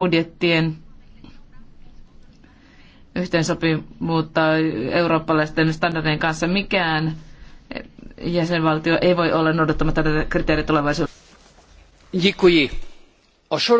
budjettien yhteensopivuutta eurooppalaisten standardien kanssa. Mikään jäsenvaltio ei voi olla noudattamatta tätä kriteeriä tulevaisuudessa.